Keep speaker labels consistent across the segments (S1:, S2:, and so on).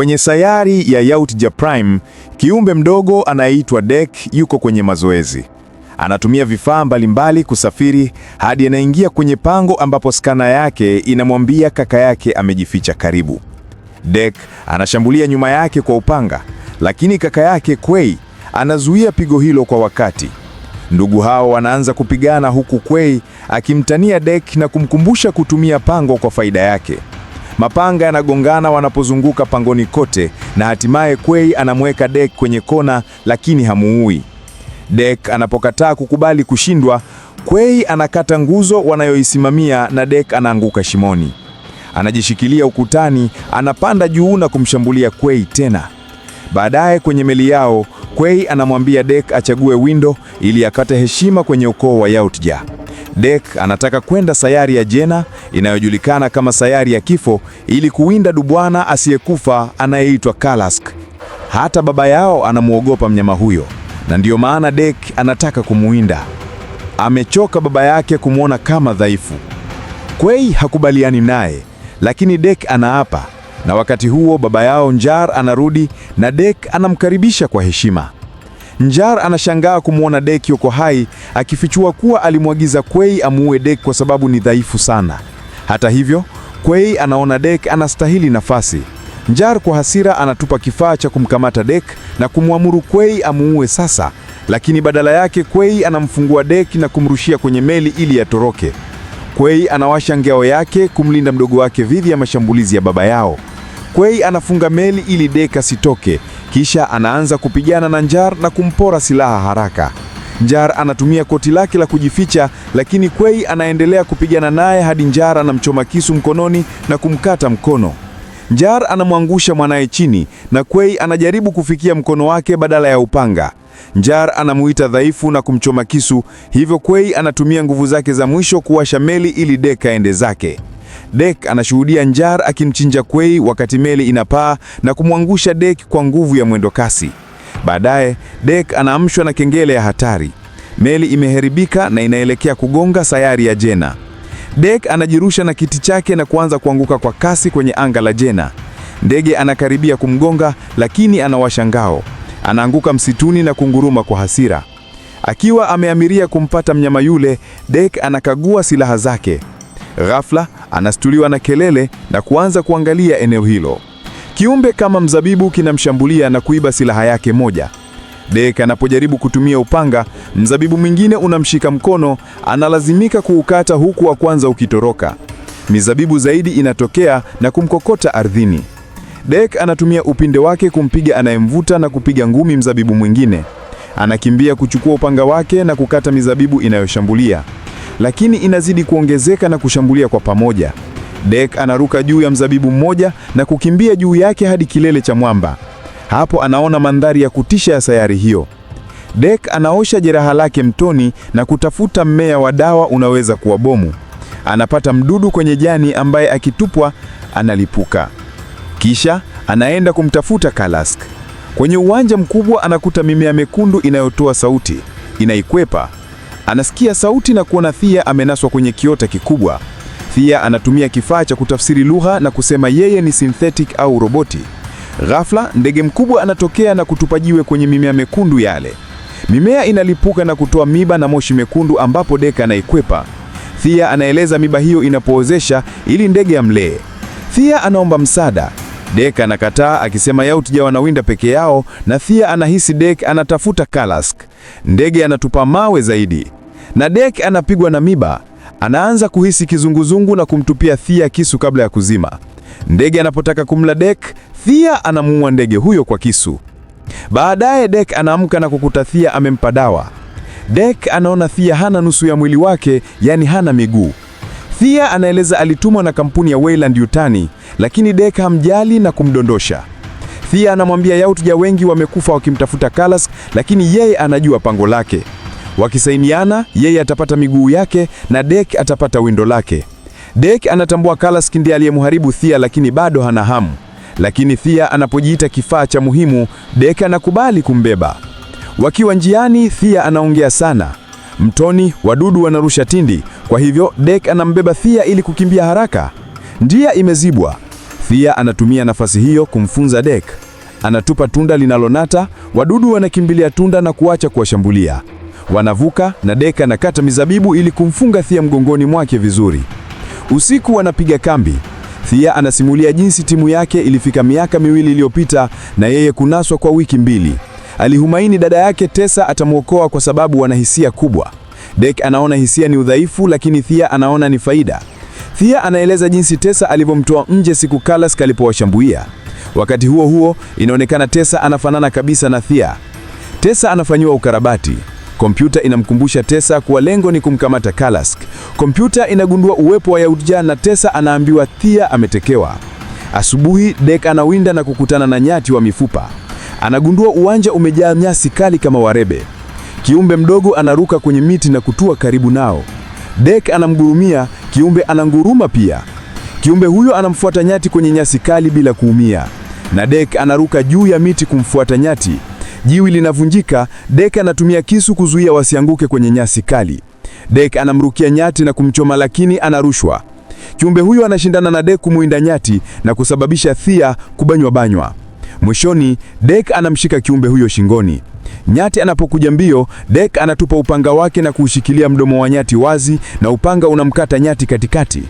S1: Kwenye sayari ya Yautja Prime, kiumbe mdogo anayeitwa Dek yuko kwenye mazoezi. Anatumia vifaa mbalimbali kusafiri hadi anaingia kwenye pango ambapo skana yake inamwambia kaka yake amejificha karibu. Dek anashambulia nyuma yake kwa upanga, lakini kaka yake Kwei anazuia pigo hilo kwa wakati. Ndugu hao wanaanza kupigana huku Kwei akimtania Dek na kumkumbusha kutumia pango kwa faida yake. Mapanga yanagongana wanapozunguka pangoni kote, na hatimaye kwei anamweka Dek kwenye kona, lakini hamuui. Dek anapokataa kukubali kushindwa, kwei anakata nguzo wanayoisimamia na Dek anaanguka shimoni. Anajishikilia ukutani, anapanda juu na kumshambulia kwei tena. Baadaye kwenye meli yao, kwei anamwambia Dek achague Windo ili apate heshima kwenye ukoo wa Yautja. Dek anataka kwenda sayari ya Jena inayojulikana kama sayari ya kifo ili kuwinda dubwana asiyekufa anayeitwa Kalask. Hata baba yao anamwogopa mnyama huyo na ndiyo maana Dek anataka kumuinda Amechoka baba yake kumwona kama dhaifu. Kwei hakubaliani naye, lakini Dek anaapa, na wakati huo baba yao Njar anarudi na Dek anamkaribisha kwa heshima. Njar anashangaa kumwona Dek yuko hai, akifichua kuwa alimwagiza Kwei amuue Dek kwa sababu ni dhaifu sana. Hata hivyo, Kwei anaona Dek anastahili nafasi. Njar kwa hasira anatupa kifaa cha kumkamata Dek na kumwamuru Kwei amuue sasa, lakini badala yake Kwei anamfungua Dek na kumrushia kwenye meli ili atoroke. Kwei anawasha ngao yake kumlinda mdogo wake dhidi ya mashambulizi ya baba yao kwei anafunga meli ili deka sitoke kisha anaanza kupigana na Njar na kumpora silaha haraka. Njar anatumia koti lake la kujificha, lakini kwei anaendelea kupigana naye hadi Njar anamchoma kisu mkononi na kumkata mkono. Njar anamwangusha mwanaye chini na kwei anajaribu kufikia mkono wake badala ya upanga. Njar anamuita dhaifu na kumchoma kisu, hivyo kwei anatumia nguvu zake za mwisho kuwasha meli ili deka ende zake. Dek anashuhudia Njar akimchinja Kwei wakati meli inapaa na kumwangusha Dek kwa nguvu ya mwendo kasi. Baadaye Dek anaamshwa na kengele ya hatari. Meli imeharibika na inaelekea kugonga sayari ya Jena. Dek anajirusha na kiti chake na kuanza kuanguka kwa kasi kwenye anga la Jena. Ndege anakaribia kumgonga lakini anawasha ngao. Anaanguka msituni na kunguruma kwa hasira. Akiwa ameamiria kumpata mnyama yule, Dek anakagua silaha zake. Ghafla anastuliwa na kelele na kuanza kuangalia eneo hilo. Kiumbe kama mzabibu kinamshambulia na kuiba silaha yake moja. Deka anapojaribu kutumia upanga, mzabibu mwingine unamshika mkono, analazimika kuukata huku wa kwanza ukitoroka. Mizabibu zaidi inatokea na kumkokota ardhini. Dek anatumia upinde wake kumpiga anayemvuta na kupiga ngumi mzabibu mwingine. Anakimbia kuchukua upanga wake na kukata mizabibu inayoshambulia lakini inazidi kuongezeka na kushambulia kwa pamoja. Dek anaruka juu ya mzabibu mmoja na kukimbia juu yake hadi kilele cha mwamba. Hapo anaona mandhari ya kutisha ya sayari hiyo. Dek anaosha jeraha lake mtoni na kutafuta mmea wa dawa unaweza kuwa bomu. Anapata mdudu kwenye jani ambaye akitupwa analipuka. Kisha anaenda kumtafuta Kalask. Kwenye uwanja mkubwa anakuta mimea mekundu inayotoa sauti. Inaikwepa. Anasikia sauti na kuona Thea amenaswa kwenye kiota kikubwa. Thea anatumia kifaa cha kutafsiri lugha na kusema yeye ni synthetic au roboti. Ghafla ndege mkubwa anatokea na kutupa jiwe kwenye mimea mekundu yale. Mimea inalipuka na kutoa miba na moshi mekundu ambapo Deka anaikwepa. Thea anaeleza miba hiyo inapoozesha ili ndege amlee. Thea anaomba msaada. Deka anakataa akisema yao tujawa wanawinda winda peke yao na Thea anahisi Deka anatafuta Kalask. Ndege anatupa mawe zaidi na dek anapigwa na miba, anaanza kuhisi kizunguzungu na kumtupia Thea kisu kabla ya kuzima. Ndege anapotaka kumla Dek, Thea anamuua ndege huyo kwa kisu. Baadaye Dek anaamka na kukuta Thea amempa dawa. Dek anaona Thea hana nusu ya mwili wake, yaani hana miguu. Thea anaeleza alitumwa na kampuni ya Weyland Yutani, lakini Dek hamjali na kumdondosha. Thea anamwambia Yautja wengi wamekufa wakimtafuta Kalas, lakini yeye anajua pango lake. Wakisainiana, yeye atapata miguu yake na Dek atapata windo lake. Dek anatambua Kalaski ndiye aliyemharibu Thea, lakini bado hana hamu. Lakini Thea anapojiita kifaa cha muhimu, Dek anakubali kumbeba. Wakiwa njiani, Thea anaongea sana. Mtoni wadudu wanarusha tindi, kwa hivyo Dek anambeba Thea ili kukimbia haraka. Njia imezibwa. Thea anatumia nafasi hiyo kumfunza Dek. Anatupa tunda linalonata, wadudu wanakimbilia tunda na kuacha kuwashambulia. Wanavuka na Deka na kata mizabibu ili kumfunga thia mgongoni mwake vizuri. Usiku wanapiga kambi. thia anasimulia jinsi timu yake ilifika miaka miwili iliyopita na yeye kunaswa kwa wiki mbili. Alihumaini dada yake Tesa atamwokoa kwa sababu wana hisia kubwa. Dek anaona hisia ni udhaifu, lakini thia anaona ni faida. thia anaeleza jinsi Tesa alivyomtoa nje siku Kalas kalipowashambulia. Wakati huo huo, inaonekana Tesa anafanana kabisa na thia Tesa anafanyiwa ukarabati. Kompyuta inamkumbusha Tessa kuwa lengo ni kumkamata Kalask. Kompyuta inagundua uwepo wa Yautja na Tessa anaambiwa Thea ametekewa. Asubuhi, Dek anawinda na kukutana na nyati wa mifupa. Anagundua uwanja umejaa nyasi kali kama warebe. Kiumbe mdogo anaruka kwenye miti na kutua karibu nao. Dek anamgurumia, kiumbe ananguruma pia. Kiumbe huyo anamfuata nyati kwenye nyasi kali bila kuumia, na Dek anaruka juu ya miti kumfuata nyati jiwi linavunjika, Dek anatumia kisu kuzuia wasianguke kwenye nyasi kali. Dek anamrukia nyati na kumchoma, lakini anarushwa. Kiumbe huyo anashindana na Dek kumuinda nyati na kusababisha Thea kubanywa banywa. Mwishoni, Dek anamshika kiumbe huyo shingoni. Nyati anapokuja mbio, Dek anatupa upanga wake na kuushikilia mdomo wa nyati wazi, na upanga unamkata nyati katikati.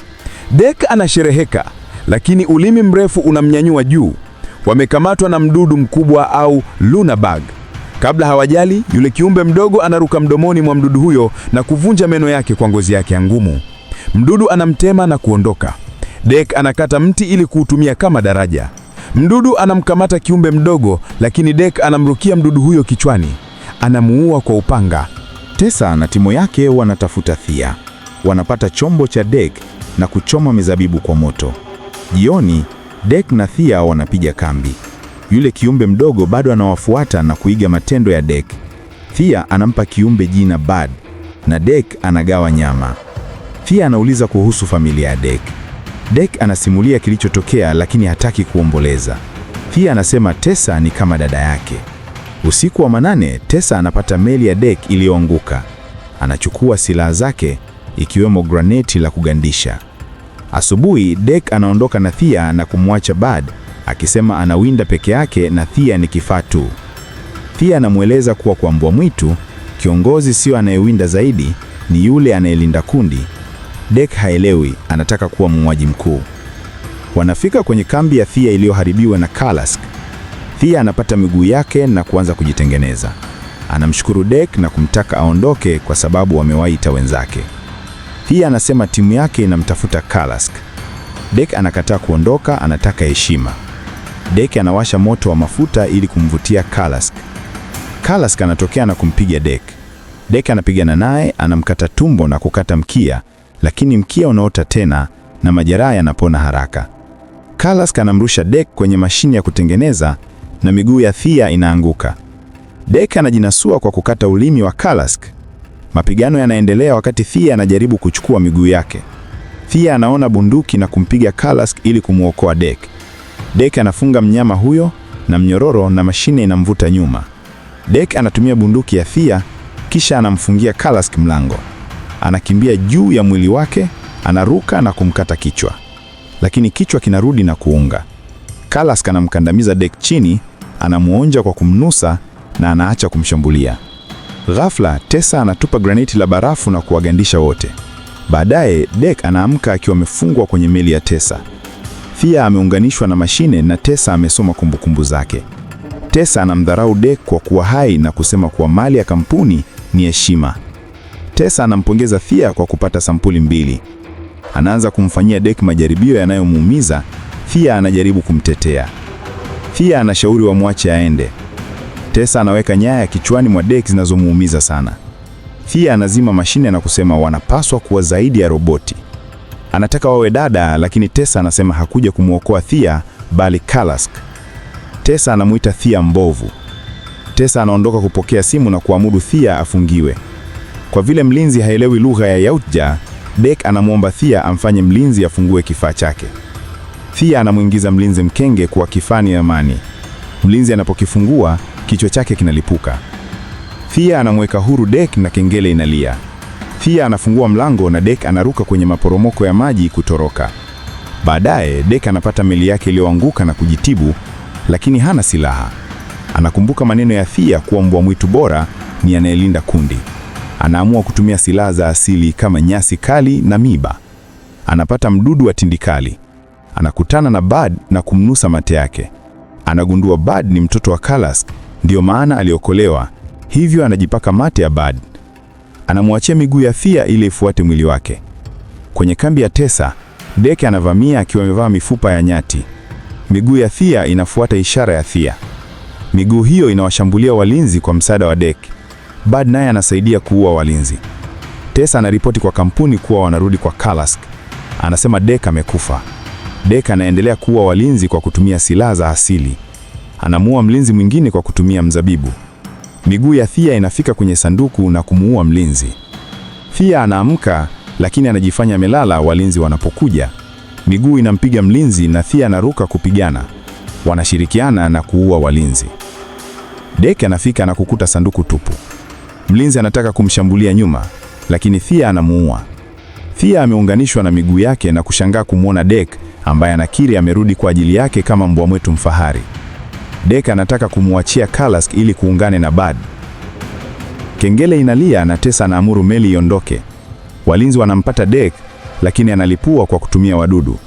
S1: Dek anashereheka, lakini ulimi mrefu unamnyanyua juu. Wamekamatwa na mdudu mkubwa au Luna Bug. Kabla hawajali, yule kiumbe mdogo anaruka mdomoni mwa mdudu huyo na kuvunja meno yake kwa ngozi yake ya ngumu. Mdudu anamtema na kuondoka. Dek anakata mti ili kuutumia kama daraja. Mdudu anamkamata kiumbe mdogo, lakini Dek anamrukia mdudu huyo kichwani, anamuua kwa upanga. Tesa na timu yake wanatafuta Thea, wanapata chombo cha Dek na kuchoma mizabibu kwa moto. Jioni Dek na Thea wanapiga kambi. Yule kiumbe mdogo bado anawafuata na kuiga matendo ya Dek. Thea anampa kiumbe jina Bad na Dek anagawa nyama. Thea anauliza kuhusu familia ya Dek. Dek anasimulia kilichotokea lakini hataki kuomboleza. Thea anasema Tessa ni kama dada yake. Usiku wa manane, Tessa anapata meli ya Dek iliyoanguka. Anachukua silaha zake ikiwemo graneti la kugandisha. Asubuhi, Dek anaondoka na Thea na kumwacha Bad akisema anawinda peke yake na Thea ni kifaa tu. Thea anamweleza kuwa kwa mbwa mwitu kiongozi sio anayewinda zaidi, ni yule anayelinda kundi. Dek haelewi, anataka kuwa muuaji mkuu. Wanafika kwenye kambi ya Thea iliyoharibiwa na Kalask. Thea anapata miguu yake na kuanza kujitengeneza. Anamshukuru Dek na kumtaka aondoke kwa sababu wamewaita wenzake. Pia anasema timu yake inamtafuta Kalask. Dek anakataa kuondoka, anataka heshima. Dek anawasha moto wa mafuta ili kumvutia Kalask. Kalask anatokea na kumpiga Dek. Dek anapigana naye, anamkata tumbo na kukata mkia, lakini mkia unaota tena na majeraha yanapona haraka. Kalask anamrusha Dek kwenye mashine ya kutengeneza na miguu ya Thea inaanguka. Dek anajinasua kwa kukata ulimi wa Kalask. Mapigano yanaendelea wakati Thea anajaribu kuchukua miguu yake. Thea anaona bunduki na kumpiga Kalask ili kumwokoa Dek. Dek anafunga mnyama huyo na mnyororo na mashine inamvuta nyuma. Dek anatumia bunduki ya Thea kisha anamfungia Kalask mlango. Anakimbia juu ya mwili wake, anaruka na kumkata kichwa. Lakini kichwa kinarudi na kuunga. Kalask anamkandamiza Dek chini, anamwonja kwa kumnusa na anaacha kumshambulia. Ghafla Tessa anatupa graniti la barafu na kuwagandisha wote. Baadaye Dek anaamka akiwa amefungwa kwenye meli ya Tessa. Thea ameunganishwa na mashine na Tessa amesoma kumbukumbu zake. Tessa anamdharau Dek kwa kuwa hai na kusema kuwa mali ya kampuni ni heshima. Tessa anampongeza Thea kwa kupata sampuli mbili. Anaanza kumfanyia Dek majaribio yanayomuumiza. Thea anajaribu kumtetea. Thea anashauri wamwache aende. Tesa anaweka nyaya kichwani mwa Dek zinazomuumiza sana. Thea anazima mashine na kusema wanapaswa kuwa zaidi ya roboti. Anataka wawe dada, lakini Tesa anasema hakuja kumwokoa Thea bali Kalask. Tesa anamuita Thea mbovu. Tesa anaondoka kupokea simu na kuamudu Thea afungiwe. Kwa vile mlinzi haelewi lugha ya Yautja, Dek anamwomba Thea amfanye mlinzi afungue kifaa chake. Thea anamwingiza mlinzi mkenge kuwa kifani ya amani. Mlinzi anapokifungua kichwa chake kinalipuka. Thea anamweka huru Dek na kengele inalia. Thea anafungua mlango na Dek anaruka kwenye maporomoko ya maji kutoroka. Baadaye Dek anapata meli yake iliyoanguka na kujitibu, lakini hana silaha. Anakumbuka maneno ya Thea kuwa mbwa mwitu bora ni anayelinda kundi. Anaamua kutumia silaha za asili kama nyasi kali na miba. Anapata mdudu wa tindikali. Anakutana na Bad na kumnusa mate yake. Anagundua Bad ni mtoto wa Kalask Ndiyo maana aliokolewa, hivyo anajipaka mate ya Bad. Anamwachia miguu ya Thea ili ifuate mwili wake. Kwenye kambi ya Tesa, Deke anavamia akiwa amevaa mifupa ya nyati. Miguu ya Thea inafuata ishara ya Thea. Miguu hiyo inawashambulia walinzi kwa msaada wa Deke. Bad naye anasaidia kuua walinzi. Tesa anaripoti kwa kampuni kuwa wanarudi kwa Kalask. Anasema Deke amekufa. Deke anaendelea kuua walinzi kwa kutumia silaha za asili anamuua mlinzi mwingine kwa kutumia mzabibu. Miguu ya Thea inafika kwenye sanduku na kumuua mlinzi. Thea anaamka lakini anajifanya amelala walinzi wanapokuja. Miguu inampiga mlinzi na Thea anaruka kupigana. Wanashirikiana na kuua walinzi. Dek anafika na kukuta sanduku tupu. Mlinzi anataka kumshambulia nyuma, lakini Thea anamuua. Thea ameunganishwa na miguu yake na kushangaa kumwona Dek ambaye anakiri amerudi kwa ajili yake kama mbwa mwetu mfahari. Dek anataka kumwachia Kalask ili kuungane na Bad. Kengele inalia na Tesa anaamuru meli iondoke. Walinzi wanampata Dek lakini analipua kwa kutumia wadudu.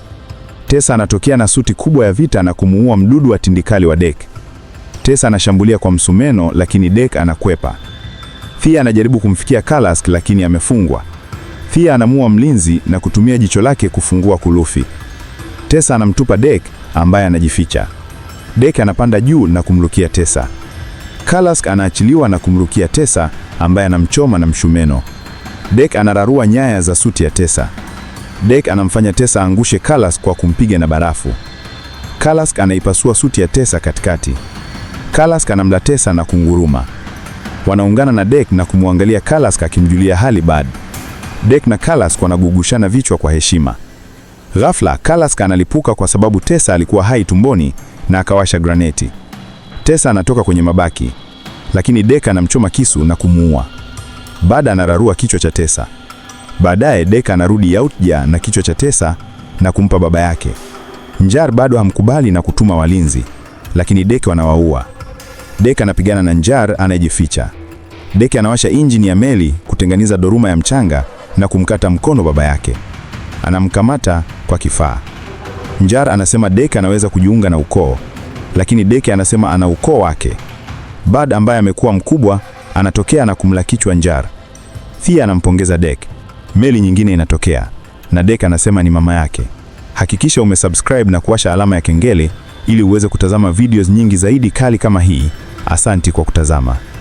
S1: Tesa anatokea na suti kubwa ya vita na kumuua mdudu wa tindikali wa Dek. Tesa anashambulia kwa msumeno lakini Dek anakwepa. Thea anajaribu kumfikia Kalask lakini amefungwa. Thea anamuua mlinzi na kutumia jicho lake kufungua kulufi. Tesa anamtupa Dek ambaye anajificha. Dek anapanda juu na kumrukia Tesa. Kalask anaachiliwa na kumrukia Tesa ambaye anamchoma na mshumeno Dek anararua nyaya za suti ya Tesa. Dek anamfanya Tesa angushe Kalask kwa kumpiga na barafu. Kalask anaipasua suti ya Tesa katikati. Kalask anamla Tesa na kunguruma. Wanaungana na Dek na kumwangalia Kalask akimjulia hali Bad. Dek na Kalask wanagugushana vichwa kwa heshima. Ghafla Kalask analipuka kwa sababu Tesa alikuwa hai tumboni na akawasha graneti. Tesa anatoka kwenye mabaki, lakini Deka anamchoma kisu na kumuua. Bada anararua kichwa cha Tesa. Baadaye Deka anarudi Yautja na kichwa cha Tesa na kumpa baba yake. Njar bado hamkubali na kutuma walinzi, lakini Deka anawaua. Deka anapigana na Njar anayejificha. Deka anawasha injini ya meli kutenganiza doruma ya mchanga na kumkata mkono baba yake. Anamkamata kwa kifaa. Njara anasema Deke anaweza kujiunga na ukoo, lakini Deke anasema ana ukoo wake. Bad ambaye amekuwa mkubwa anatokea na kumla kichwa Njara. Thea anampongeza Deke. Meli nyingine inatokea na Deke anasema ni mama yake. Hakikisha umesubscribe na kuwasha alama ya kengele ili uweze kutazama videos nyingi zaidi kali kama hii. Asanti kwa kutazama.